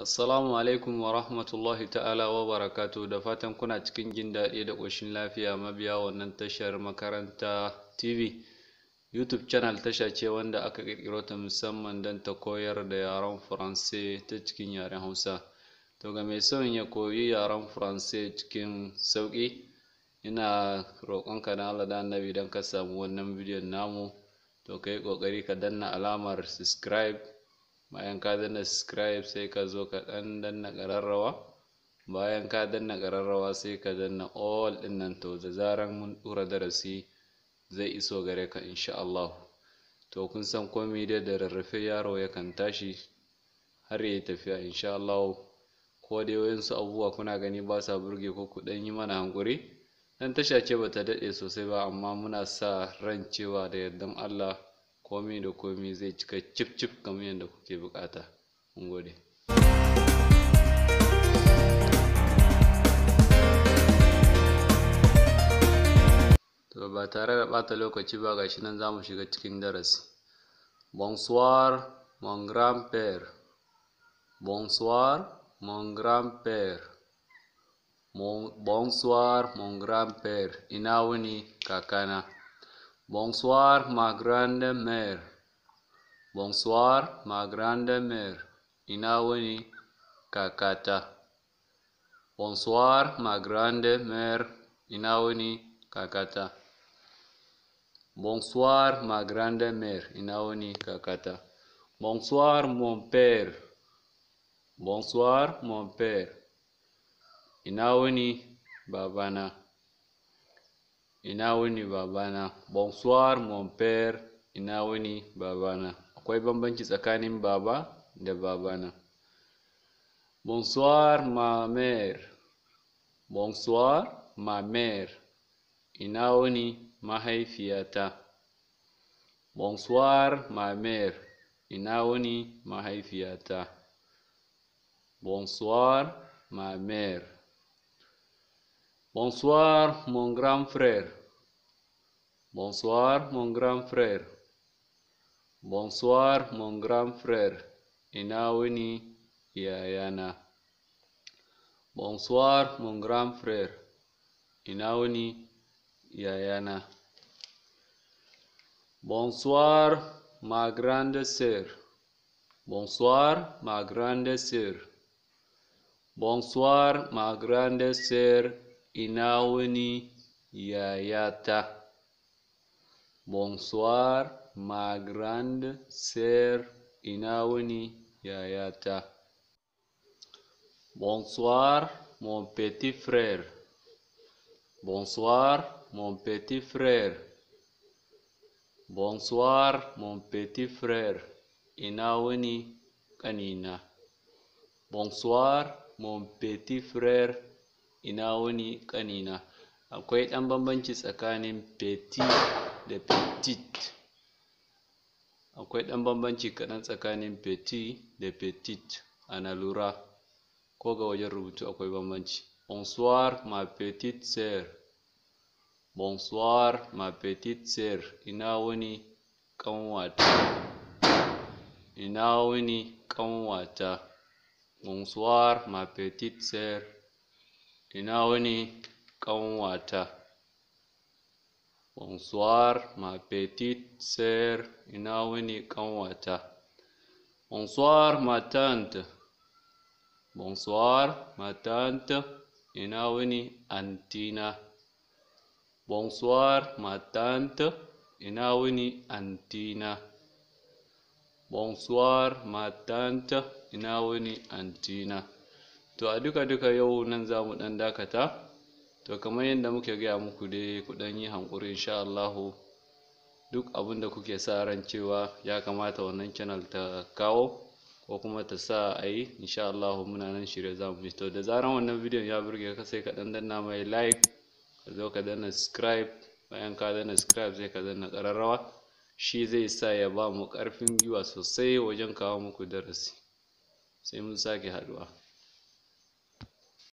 Assalamu alaikum wa rahmatullahi ta'ala wa barakatu da fatan kuna cikin jin daɗi da ƙoshin lafiya mabiya wannan tashar makaranta TV. YouTube channel tasha ce wanda aka ƙirƙiro ta musamman don ta koyar da yaren Faransai ta cikin yaren Hausa. To ga mai son ya koyi yaren faranse cikin sauƙi, ina roƙonka na Allah da annabi don ka samu wannan bidiyon namu, to ka ƙoƙari ka danna alamar subscribe bayan ka danna subscribe sai ka zo ka dan danna kararrawa bayan ka danna kararrawa sai ka danna all din nan to da zaran mun dura darasi zai iso gare ka insha Allah to kun san ko me da rarrafe yaro ya kan tashi har ya tafiya insha Allah ko yoyin su abubuwa kuna gani ba sa burge ko ku dan yi mana hankuri dan tasha ce bata dade sosai ba amma muna sa ran cewa da yardan Allah komai da komai zai cika cif cif kamar yadda kuke bukata gode to ba tare da bata lokaci ba gashi nan za mu shiga cikin darasi bonsoir mon grand-père bonsoir mon grand-père bonsoir mon grand-père ina wuni kakana Bonsoir, ma grande mère. Bonsoir, ma grande mère. Inaweni kakata. Bonsoir, ma grande mère. Inaweni kakata. Bonsoir, ma grande mère. Inaweni kakata. Bonsoir, mon père. Bonsoir, mon père. Inaweni babana. ina wuni babana bonsoir mon père ina wuni babana akwai bambanci tsakanin baba da babana bonsoir ma mère bonsoir ma mère ina wuni mahaifiyata bonsoir ma mère ina wuni mahaifiyata bonsoir ma mère Bonsoir, mon grand frère. Bonsoir, mon grand frère. Bonsoir, mon grand frère. Ina wuni Bonsoir, mon grand frère. Ina wuni Bonsoir, ma grande sœur. Bonsoir, ma grande sœur. Bonsoir, ma grande sœur Inauni yayata? Bonsoir, ma grande sœur. Inauni yayata? Bonsoir, mon petit frère. Bonsoir, mon petit frère. Bonsoir, mon petit frère. Inaweni kanina. Bonsoir, mon petit frère. ina wuni ƙanina akwai ɗan bambanci tsakanin petit da petit akwai ɗan bambanci kaɗan tsakanin petit da petit ana lura ko ga wajen rubutu akwai bambanci bonsoir ma petite sir. bonsoir ma petite sir. ina wuni ƙanwata ina wuni ƙanwata bonsoir ma petite sir. ina wuni ƙanwata bonsoir ma petite sœur ina wani ƙanwata bonsoir ma tante bonsoir ma tante ina wani antina bonsoir ma tante ina antina bonsoir ma tante ina antina to a duka duka yau nan za mu dan dakata to kamar yadda muke gaya muku dai ku dan yi hankuri insha Allahu duk abin da kuke sa ran cewa ya kamata wannan channel ta kawo ko kuma ta sa a yi insha Allahu muna nan shirye za mu to da zaran wannan bidiyon ya burge ka sai ka danna mai like ka zo ka danna subscribe bayan ka danna subscribe sai ka danna ƙararrawa shi zai sa ya ba mu karfin giwa sosai wajen kawo muku darasi sai mun sake haɗuwa